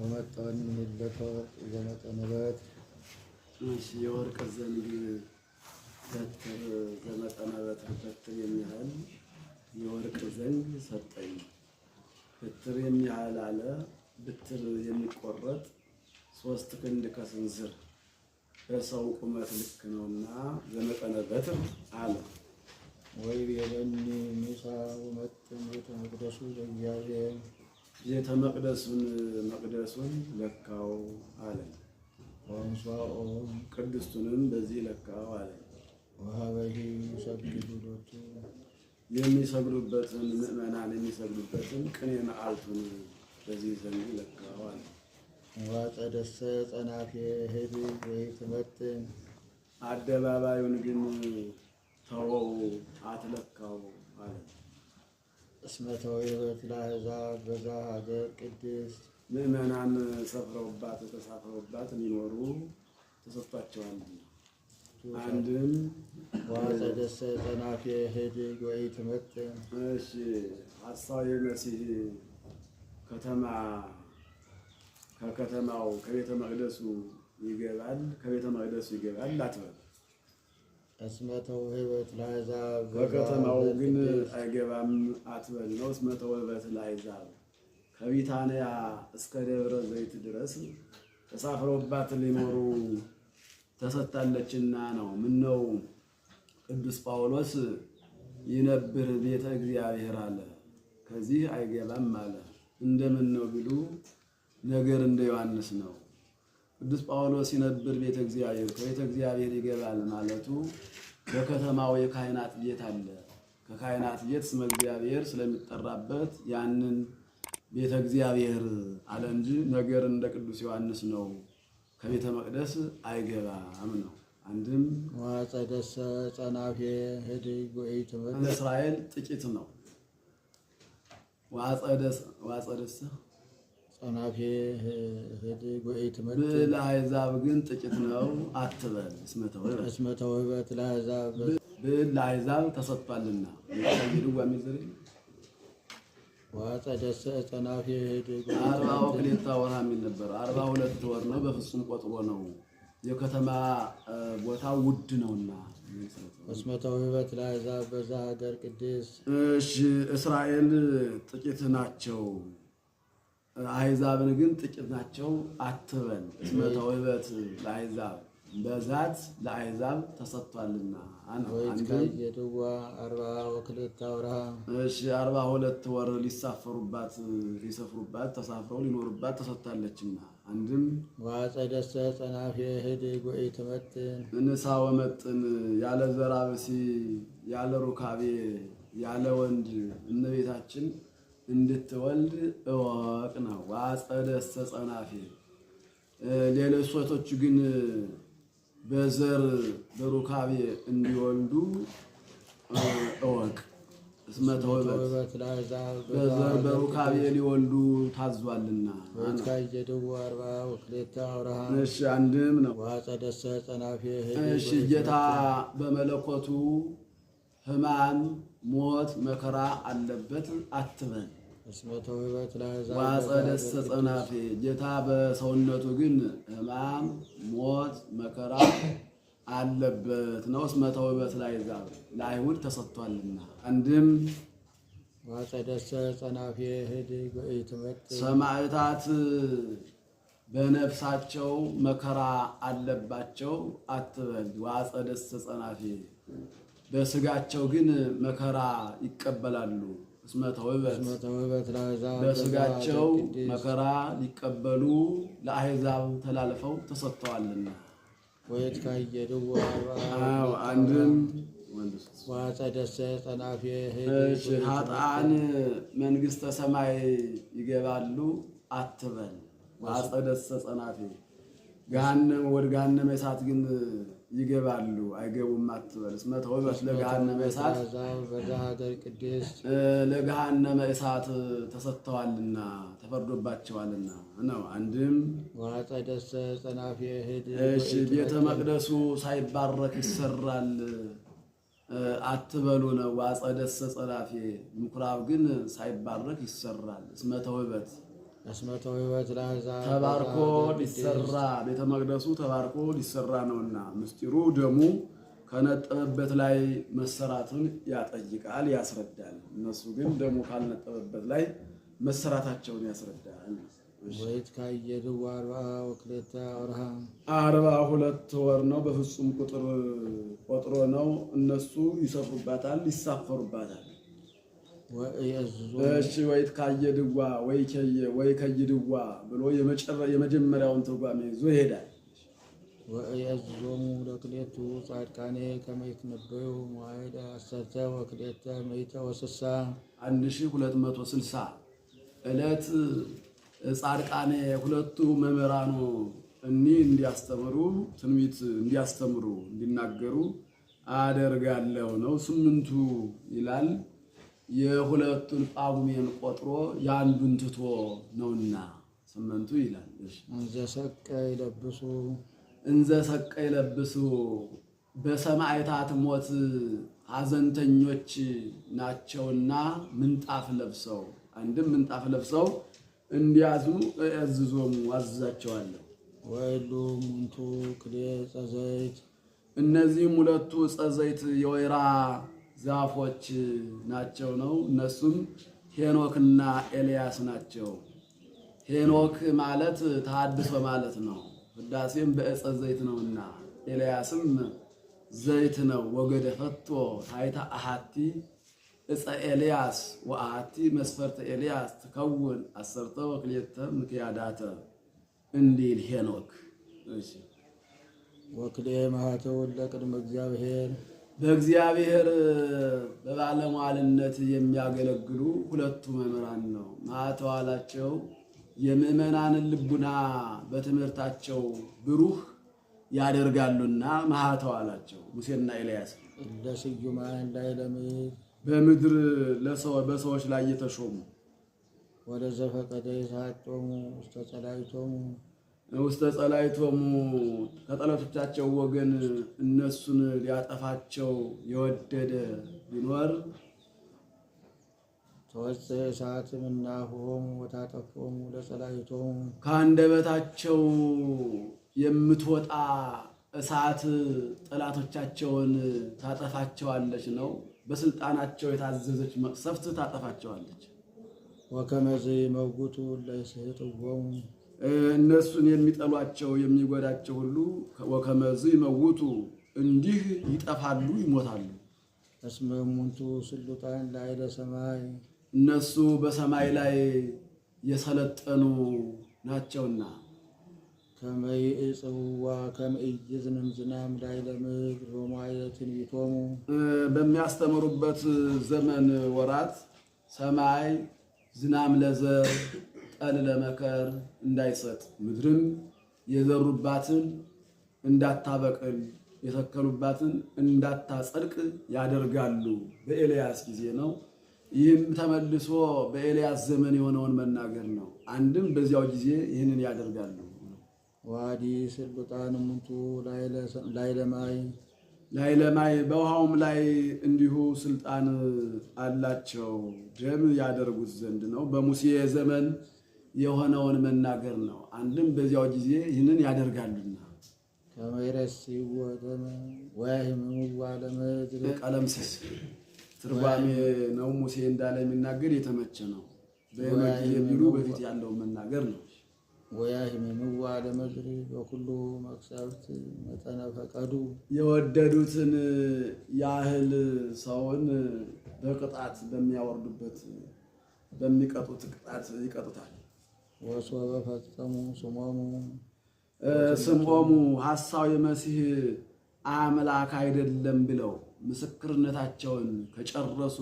ወመጠን ምንለፈ ዘመጠንበት የወርቅ ዘንግ በትር ዘመጠንበት በትር የሚያህል የወርቅ ዘንግ ሰጠኝ። በትር የሚያህል አለ ብትር የሚቆረጥ ሶስት ክንድ ከስንዝር በሰው ቁመት ልክ ነውና ዘመጠነ በትር አለ። ወይ የበኒ ሚሳ ወመጥን ቤተ መቅደሱ በእግዚአብሔር ቤተ መቅደሱን መቅደሱን ለካው አለ ወንሷኦም ቅድስቱንም በዚህ ለካው አለኝ። ወሀበሂ ሰግዱሎቱ የሚሰግዱበትን ምዕመናን የሚሰግዱበትን ቅኔ መዓልቱን በዚህ ዘንድ ለካው አለኝ። ዋጸደሰ ጸናፌ ህብ ወይ ትመጥን አደባባዩን ግን ተወው አትለካው አለ። እስመተዊ ህብረት ለአሕዛብ በዛ ሀገር ቅድስት ምዕመናን ሰፍረውባት ተሳፍረውባት የሚኖሩ ተሰጥቷቸዋል። አንድም ዋጸደሰ ጸናፌ ሄድግ ወይ ትምህርት እሺ ሀሳዊ መሲህ ከተማ ከከተማው ከቤተ መቅደሱ ይገባል ከቤተ መቅደሱ ይገባል አትበል እስመተው ህበት ለአሕዛብ በከተማው ግን አይገባም አትበል ነው። እስመተው ህበት ለአሕዛብ ከቢታንያ እስከ ደብረ ዘይት ድረስ ተሳፍረውባት ሊኖሩ ተሰጥታለችና ነው። ምነው ቅዱስ ጳውሎስ ይነብር ቤተ እግዚአብሔር አለ፣ ከዚህ አይገባም አለ። እንደምን ነው ቢሉ ነገር እንደ ዮሐንስ ነው። ቅዱስ ጳውሎስ ሲነብር ቤተ እግዚአብሔር ከቤተ እግዚአብሔር ይገባል ማለቱ በከተማው የካህናት ቤት አለ። ከካህናት ቤት ስመ እግዚአብሔር ስለሚጠራበት ያንን ቤተ እግዚአብሔር አለ እንጂ ነገር እንደ ቅዱስ ዮሐንስ ነው፣ ከቤተ መቅደስ አይገባም ነው። አንድም ዋጸደሰ ጸናፌ ህድግ ወይ ለእስራኤል ጥቂት ነው። ዋጸደሰ ጸናፌ ለአሕዛብ ግን ጥቂት ነው አትበል። እስመ ተውህበት ለአሕዛብ ብል ለአሕዛብ ተሰጥቷልና ሚዘር ዋጸደሰ ጸናፌ አርባው ክሌታ ወርሃ የሚል ነበር። አርባ ሁለት ወር ነው በፍጹም ቆጥሮ ነው። የከተማ ቦታ ውድ ነውና እስመ ተውህበት ለአሕዛብ በዛ ሀገር ቅድስት እሺ፣ እስራኤል ጥቂት ናቸው። አሕዛብን ግን ጥቂት ናቸው አትበል። እስመ ተውህበት ለአሕዛብ በዛት ለአሕዛብ ተሰጥቷልና። አንድዋ አርባ ወክልኤታ ወርሃ እሺ፣ አርባ ሁለት ወር ሊሳፈሩባት ሊሰፍሩባት ተሳፍረው ሊኖሩባት ተሰጥታለችና። አንድም ዋጸደሰ ጸናፍ የህድ ህድግ ወኢትመጥን እንሳ ወመጥን ያለ ዘራብሲ ያለ ሩካቤ ያለ ወንድ እመቤታችን እንድትወልድ እወቅ ነው። ሌሎች ሴቶች ግን በዘር በሩካቤ እንዲወልዱ እወቅ። እስመተወበት በዘር በሩካቤ ሊወልዱ ታዟልና እሺ፣ አንድም ነው። ጌታ በመለኮቱ ሕማም ሞት መከራ አለበት አትበል ዋጸደስ ጽናፌ ጌታ በሰውነቱ ግን ሕማም፣ ሞት፣ መከራ አለበት ነው። እስመ ተውበት ላይ ዛብ ለአይሁድ ተሰጥቷልና። አንድም ዋጸደስ ጽናፌ ህድግ ሰማዕታት በነፍሳቸው መከራ አለባቸው አትበል። ዋጸደስ ጽናፌ በስጋቸው ግን መከራ ይቀበላሉ እስመተውበት በስጋቸው መከራ ሊቀበሉ ለአሕዛብ ተላልፈው ተሰጥተዋልና ወየት ካየዱ አንድም ዋጸደሰ ጸናፌ ሀጣን መንግስተ ሰማይ ይገባሉ አትበል። ዋጸደሰ ጸናፌ ገሃነም ወደ ገሃነመ እሳት ግን ይገባሉ አይገቡም አትበልስ። መተው በስ ለገሃነመ እሳት ለገሃነመ እሳት ተሰጥተዋልና ተፈርዶባቸዋልና ነው። አንድም ወአጸደሰ ጸናፊ እህድ እሺ፣ ቤተ መቅደሱ ሳይባረክ ይሰራል አትበሉ ነው። ወአጸደሰ ጸናፊ ምኩራብ ግን ሳይባረክ ይሰራል እስመ ተውበት አስመቶ ሕይወት ተባርኮ ሊሰራ ቤተ መቅደሱ ተባርኮ ሊሰራ ነውና ምስጢሩ ደሙ ከነጠበበት ላይ መሰራቱን ያጠይቃል፣ ያስረዳል። እነሱ ግን ደሙ ካልነጠበበት ላይ መሰራታቸውን ያስረዳል። ወይት ካየድ አርባ ወክሌታ ወርሃ አርባ ሁለት ወር ነው። በፍጹም ቁጥር ቆጥሮ ነው። እነሱ ይሰፍሩባታል፣ ይሳፈሩባታል እሺ ወይ ካየድዋ ወይ ከየ ወይ ከይድዋ ብሎ የመጨረ የመጀመሪያውን ትርጓሜ ይዞ ይሄዳል። ወእየዝዞሙ ለክሌቱ ጻድቃኔ ከመ ይትነበዩ መዋዕደ ሐሰተ ወክሌተ ምእተ ወስሳ አንድ ሺህ ሁለት መቶ ስልሳ ዕለት ጻድቃኔ ሁለቱ መምህራኑ እኒህ እንዲያስተምሩ ትንቢት እንዲያስተምሩ እንዲናገሩ አደርጋለሁ ነው ስምንቱ ይላል። የሁለቱን ጳጉሜን ቆጥሮ የአንዱን ትቶ ነውና ስምንቱ ይላል። እንዘ ሰቀይ ለብሱ እንዘ ሰቀይ በሰማዕታት ሞት ሐዘንተኞች ናቸውና ምንጣፍ ለብሰው አንድም ምንጣፍ ለብሰው እንዲያዙ ያዝዞሙ አዝዛቸዋለሁ። ወይሉ ሙንቱ ክሌ ጸዘይት እነዚህም ሁለቱ ጸዘይት የወይራ ዛፎች ናቸው ነው። እነሱም ሄኖክና ኤልያስ ናቸው። ሄኖክ ማለት ተሐድሶ ማለት ነው። ህዳሴም በእፀ ዘይት ነውና ኤልያስም ዘይት ነው። ወገደ ፈቶ ታይታ አሃቲ እፀ ኤልያስ ወአሃቲ መስፈርተ ኤልያስ ትከውን አሰርተ ወክልኤተ ምክያዳተ እንዲል ሄኖክ ወክልኤ ማህተው ለቅድመ እግዚአብሔር በእግዚአብሔር በባለሟልነት የሚያገለግሉ ሁለቱ መምህራን ነው። ማተዋላቸው የምዕመናንን ልቡና በትምህርታቸው ብሩህ ያደርጋሉና ማተዋላቸው ሙሴና ኤልያስ በምድር በሰዎች ላይ የተሾሙ ወደ ዘፈቀደ የተሃጦሙ ውስተ ጸላይቶሙ ከጠላቶቻቸው ወገን እነሱን ሊያጠፋቸው የወደደ ቢኖር ተወፀ እሳት ምናሆሙ ወታጠፎሙ ለጸላይቶሙ ከአንደበታቸው የምትወጣ እሳት ጠላቶቻቸውን ታጠፋቸዋለች ነው። በስልጣናቸው የታዘዘች መቅሰፍት ታጠፋቸዋለች። ወከመ ዘይመውቱ እለ ይስሕጥዎሙ እነሱን የሚጠሏቸው የሚጎዳቸው ሁሉ ወከመዝ ይመውቱ እንዲህ ይጠፋሉ ይሞታሉ። እስመ እሙንቱ ስሉጣን ላዕለ ሰማይ እነሱ በሰማይ ላይ የሰለጠኑ ናቸውና ከመይ ጽዋ ከመይዝንም ዝናም ላይ ለምድር በማየ ትንቢቶሙ በሚያስተምሩበት ዘመን ወራት ሰማይ ዝናም ለዘር ቀን ለመከር እንዳይሰጥ ምድርም የዘሩባትን እንዳታበቅል የተከሉባትን እንዳታጸድቅ ያደርጋሉ። በኤልያስ ጊዜ ነው። ይህም ተመልሶ በኤልያስ ዘመን የሆነውን መናገር ነው። አንድም በዚያው ጊዜ ይህንን ያደርጋሉ። ዋዲ ስልጣን ሙንቱ ላይለማይ ላይለማይ በውሃውም ላይ እንዲሁ ስልጣን አላቸው ደም ያደርጉት ዘንድ ነው። በሙሴ ዘመን የሆነውን መናገር ነው። አንድም በዚያው ጊዜ ይህንን ያደርጋሉና ከመይረስ ወደም ትርጓሜ ነው። ሙሴ እንዳለ የሚናገር የተመቸ ነው። በሆነ ጊዜ ቢሉ በፊት ያለውን መናገር ነው። ወያህሚሙ ለምድር በኩሉ መቅሰፍት መጠነ ፈቀዱ የወደዱትን ያህል ሰውን በቅጣት በሚያወርዱበት በሚቀጡት ቅጣት ይቀጡታል። ወሶበ ፈጸሙ ስሞሙ ስሞሙ ሐሳዊ መሲህ አምላክ አይደለም ብለው ምስክርነታቸውን ከጨረሱ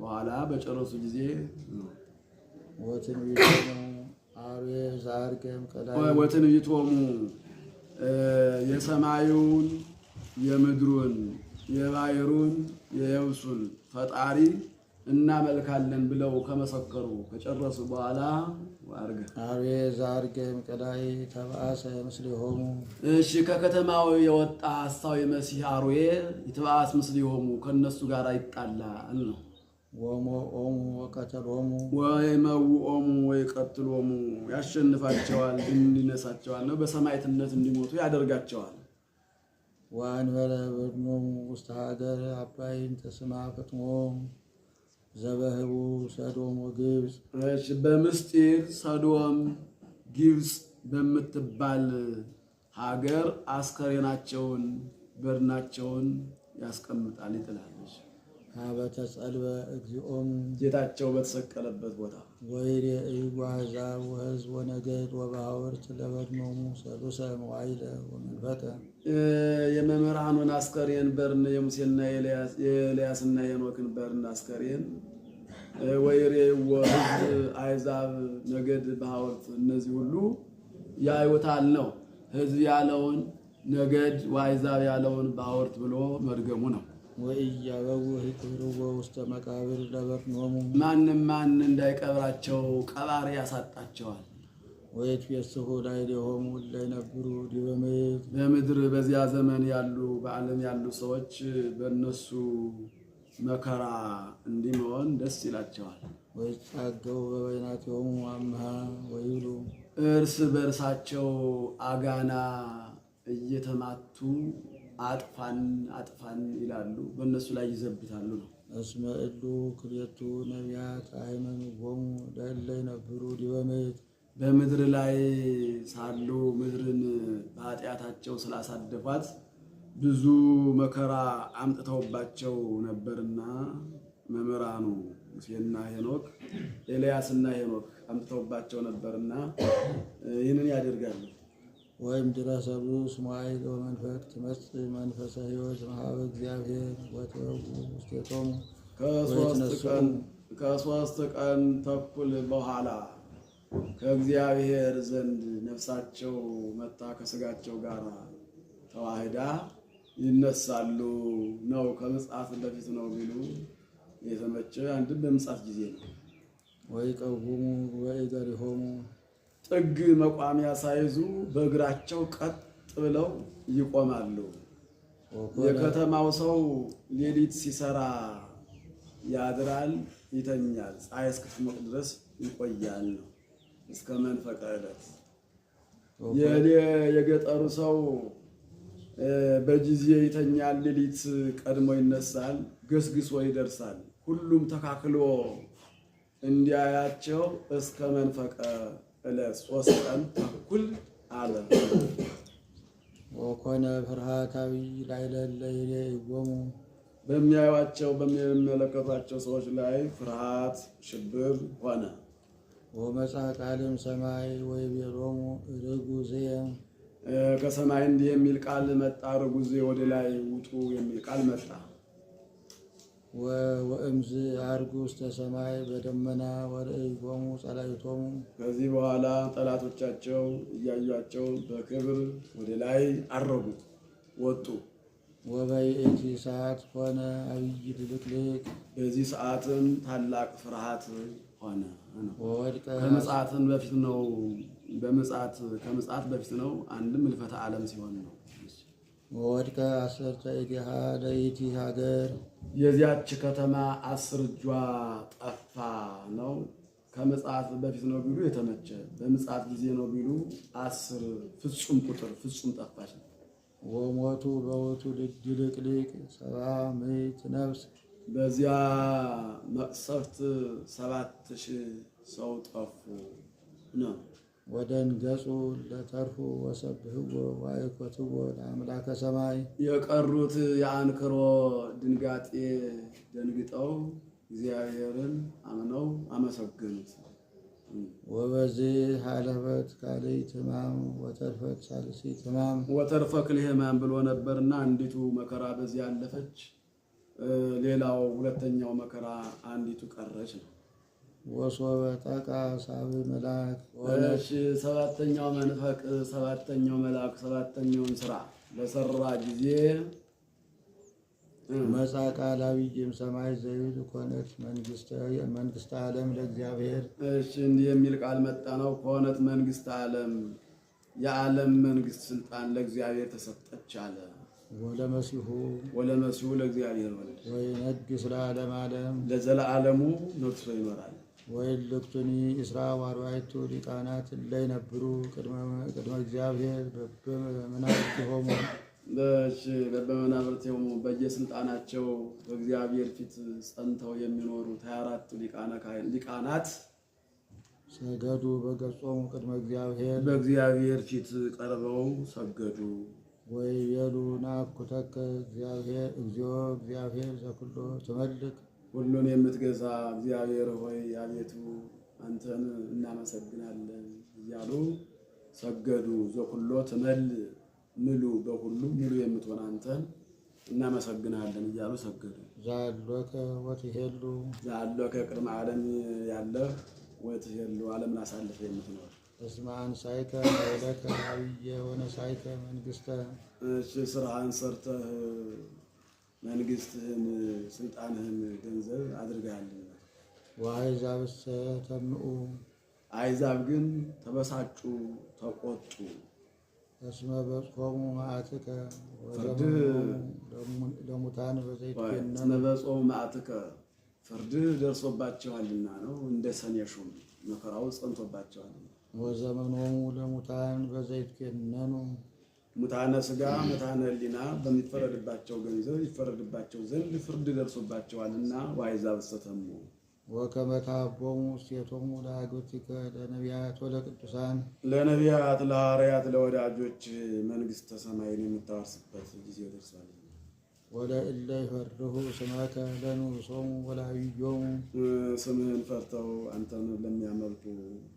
በኋላ በጨረሱ ጊዜ ወትንቢቶሙ የሰማዩን፣ የምድሩን፣ የባይሩን የየብሱን ፈጣሪ እናመልካለን ብለው ከመሰከሩ ከጨረሱ በኋላ አቤት ዘአርጌም ቀዳይ ተባአሰ ሆሙ። እሺ ከከተማው የወጣ ሐሳዊ መሲህ አርዌ ይትባአስ ሆሙ ከነሱ ጋር ይጣላል ነው። ወሞኦሙ ወቀተሎሙ ወይመውኦሙ ወይቀትሎሙ ያሸንፋቸዋል፣ እንዲነሳቸዋል ነው በሰማይትነት እንዲሞቱ ያደርጋቸዋል። ወአንበለ በድኖሙ ውስተ ሀገር አባይን ተስማ ፍጥሞ ዘበህቡ ሰዶም ወግብፅ። እሺ በምስጢር ሰዶም ግብፅ በምትባል ሀገር አስከሬናቸውን በድናቸውን ያስቀምጣል ይጥላለች። ሀበተ እግዚኦም ጌታቸው በተሰቀለበት ቦታ ወይ እዩ አሕዛብ ወሕዝብ ወነገድ ወባሕወርት ለበድኖሙ ሰሉሰ መዋዕለ ወመንፈቀ የመምህራኑን አስከሬን በርን የሙሴና የኤልያስና የኖክን በርን አስከሬን ወይሬ ወህዝብ አይዛብ ነገድ በሐወርት እነዚህ ሁሉ ያዩታል ነው። ህዝብ ያለውን ነገድ ወአይዛብ ያለውን በሐወርት ብሎ መድገሙ ነው። ወኢያበው ይቅብርዎ ውስተ መቃብር ለበርኖሙ ማንም ማን እንዳይቀብራቸው ቀባሪ ያሳጣቸዋል። ወይት የስሁ ላይ ሊሆሙ ላይነብሩ በምድር በዚያ ዘመን ያሉ በዓለም ያሉ ሰዎች በእነሱ መከራ እንዲመሆን ደስ ይላቸዋል። ወይጻገው በበይናቲሆሙ አምሃ ወይሉ እርስ በእርሳቸው አጋና እየተማቱ አጥፋን አጥፋን ይላሉ። በእነሱ ላይ ይዘብታሉ ነው እስመ እሉ ክልኤቱ ነቢያት አይመንዎሙ ለእለ ይነብሩ ዲበ ምድር በምድር ላይ ሳሉ ምድርን በኃጢአታቸው ስላሳደፏት ብዙ መከራ አምጥተውባቸው ነበርና መምህራኑ ሙሴና ሄኖክ ኤልያስና ሄኖክ አምጥተውባቸው ነበርና ይህንን ያደርጋሉ። ወይም ድረሰቡ ስሙዓይል ወመንፈቅ ትመጽእ መንፈሰ ሕይወት መሀበ እግዚአብሔር ወተወጉ ከሶስት ቀን ተኩል በኋላ ከእግዚአብሔር ዘንድ ነፍሳቸው መታ ከስጋቸው ጋር ተዋህዳ ይነሳሉ ነው ከመጽሐፍ በፊት ነው ቢሉ የተመቸ አንድም በመጽሐፍ ጊዜ ነው። ወይ ቀውሙ ወይ ዘሪሆሙ ጥግ መቋሚያ ሳይዙ በእግራቸው ቀጥ ብለው ይቆማሉ። የከተማው ሰው ሌሊት ሲሰራ ያድራል፣ ይተኛል፣ ፀሐይ እስክትሞቅ ድረስ ይቆያል ነው እስከ መንፈቀ ዕለት የገጠሩ ሰው በጊዜ ይተኛል፣ ሌሊት ቀድሞ ይነሳል፣ ገስግሶ ይደርሳል። ሁሉም ተካክሎ እንዲያያቸው እስከ መንፈቀ ዕለት ሶስት ቀን ተኩል አለ። ወኮነ ፍርሃታዊ ላይለለ ይጎሙ በሚያዩቸው በሚመለከቷቸው ሰዎች ላይ ፍርሃት ሽብር ሆነ። ወመጽአ ቃልም ሰማይ ወይቤሎሙ ርጉ ዘየም ከሰማይ እንዲህ የሚል ቃል መጣ፣ ርጉዝ ወደ ላይ ውጡ የሚል ቃል መጣ። ወእምዝ አርጉ ውስተ ሰማይ በደመና ቆሙ ጸላእቶሙ። ከዚህ በኋላ ጠላቶቻቸው እያዩቸው በክብር ወደ ላይ አረጉ ወጡ። ወበይእቲ ሰዓት ሆነ አብይ ድልቅልቅ፣ በዚህ ሰዓትም ታላቅ ፍርሃት ሆነ። ከመጽአትም በፊት ነው በምጽአት ከምጽአት በፊት ነው። አንድም ህልፈተ ዓለም ሲሆን ነው። ወድከ አሰርተ እዲሃ ለይቲ ሀገር የዚያች ከተማ አስር እጇ ጠፋ ነው። ከምጽአት በፊት ነው ቢሉ የተመቸ፣ በምጽአት ጊዜ ነው ቢሉ አስር ፍጹም ቁጥር ፍጹም ጠፋች ነው። ወሞቱ በውቱ ድልቅሊቅ ሰባ ምዕት ነፍስ በዚያ መቅሰፍት ሰባት ሺህ ሰው ጠፉ ነው። ወደንገጹ ገጹ ለተርፉ ወሰብህዎ ዋይኮትዎ ለአምላከ ሰማይ የቀሩት የአንክሮ ድንጋጤ ደንግጠው እግዚአብሔርን አምነው አመሰግኑት። ወበዚህ ሀለፈት ካልይት ሕማም ወተርፈት ሳልሲት ሕማም ወተርፈ ክልኤ ሕማም ብሎ ነበርና አንዲቱ መከራ በዚህ አለፈች፣ ሌላው ሁለተኛው መከራ አንዲቱ ቀረች ነው። ወሶበ ጠቃ ሳብ መልአክ። እሺ ሰባተኛው መንፈቅ ሰባተኛው መልአክ ሰባተኛውን ስራ በሰራ ጊዜ መጽአ ቃል አብይ እምሰማይ ዘይብል ኮነት መንግስተ ዓለም ለእግዚአብሔር። እሺ እንዲህ የሚል ቃል መጣ ነው። ኮነት መንግስተ ዓለም የዓለም መንግስት ስልጣን ለእግዚአብሔር ተሰጠች አለ። ወለመሲሁ ወለመሲሁ ለእግዚአብሔር ወልድ ወይነግሥ ለዓለም ዓለም ለዘለዓለሙ ነግሶ ይኖራል። ወይልቱኒ እስራ ዋርባይቱ ሊቃናት ላይ ነብሩ ቅድመ እግዚአብሔር በበመናብርቲሆሙ በበመናብርቲሆሙ በየስልጣናቸው በእግዚአብሔር ፊት ጸንተው የሚኖሩ ሀያ አራቱ ሊቃናት ሰገዱ በገጾሙ ቅድመ እግዚአብሔር በእግዚአብሔር ፊት ቀርበው ሰገዱ። ወይ ወይቤሉ ናኩተከ እግዚአብሔር እግዚኦ እግዚአብሔር ዘኩሎ ትመልክ ሁሉን የምትገዛ እግዚአብሔር ሆይ አቤቱ አንተን እናመሰግናለን እያሉ ሰገዱ። ዘኩሎ ትመል ምሉ በሁሉ ምሉ የምትሆን አንተን እናመሰግናለን እያሉ ሰገዱ። ዛሎከ ወትሄሉ ዛሎከ ቅድመ ዓለም ያለህ ወትሄሉ ዓለም አሳልፈ የምትኖር እስማን ሳይተ ኃይለከ አብየ መንግስተ መንግሥተ ስራህን ሰርተህ መንግስትህን ስልጣንህን ገንዘብ አድርገሃልና። ወአሕዛብ ተምኡ አሕዛብ ግን ተበሳጩ ተቆጡ። እስመ በጽሖሙ መዓትከ ለሙታን በዘይትገነን እስመ መዓትከ ፍርድህ ደርሶባቸዋልና ነው። እንደ ሰኔ መከራው ጸንቶባቸዋልና ወዘመኖሙ ለሙታን በዘይትገነኑ ሙታነ ስጋ ሙታነ ሕሊና በሚፈረድባቸው ገንዘብ ይፈረድባቸው ዘንድ ፍርድ ደርሶባቸዋልና ዋይዛ በሰተሙ ወከመ ከሀቦሙ እስቴቶሙ ለአግብእቲከ ለነቢያት ወለቅዱሳን ለነቢያት ለሐዋርያት ለወዳጆች መንግሥተ ሰማይን የምታወርስበት ጊዜ ደርሷል። ወለእለ ይፈርሁ ስመከ ሶሙ ወላብዮሙ ስምህን ፈርተው አንተን ለሚያመልኩ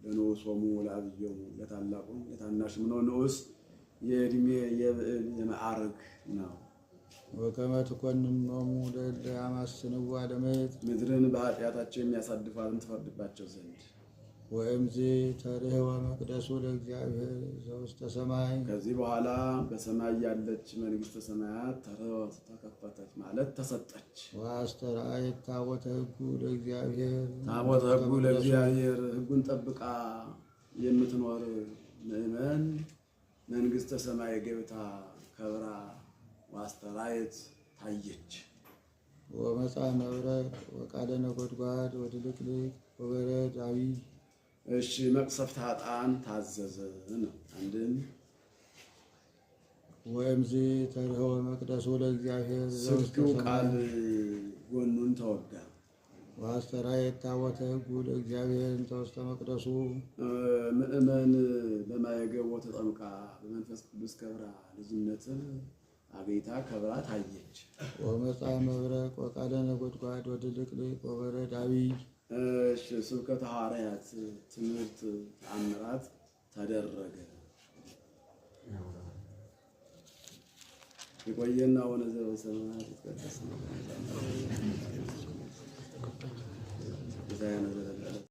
ለንዑሶሙ ወላብዮሙ ለታላቁም ለታናሽም ነው ንዑስ የእድሜ የማዕረግ ነው። ወከመ ትኮንን ኖሙ ለእለ አማስንዋ ለመት ምድርን በኃጢአታቸው የሚያሳድፋትን ትፈርድባቸው ዘንድ ወእምዝ ተርኅወ መቅደሱ ለእግዚአብሔር ዘውስተ ሰማይ ከዚህ በኋላ በሰማይ ያለች መንግስተ ሰማያት ተርኅወ ተከፈተች ማለት ተሰጠች። ወአስተርአየት ታቦተ ህጉ ለእግዚአብሔር ታቦተ ህጉ ለእግዚአብሔር ህጉን ጠብቃ የምትኖር ምእመን መንግስተ ሰማይ ገብታ ከብራ ዋስተራየት ታየች። ወመጣ መብረቅ ወቃለ ነጎድጓድ ወድልቅልቅ ወበረድ አቢይ። እሺ መቅሰፍት ሀጣን ታዘዘ ነው። አንድም ወእምዝ ተርኅወ መቅደሱ ለእግዚአብሔር ስግው ቃል ወአስተርአየ ታቦተ ሕጉ ለእግዚአብሔር እንተ ውስተ መቅደሱ ምእመን በማየገቦ ተጠምቃ በመንፈስ ቅዱስ ከብራ ልጅነትን አቤታ ከብራ ታየች። ወመጻ መብረቅ ወቃለ ነጎድጓድ ወድልቅልቅ ወበረድ አብይ። ስብከተ ሐዋርያት ትምህርት ተአምራት ተደረገ። የቆየና ወነዘበ ሰማያት ይትቀደስ Zion's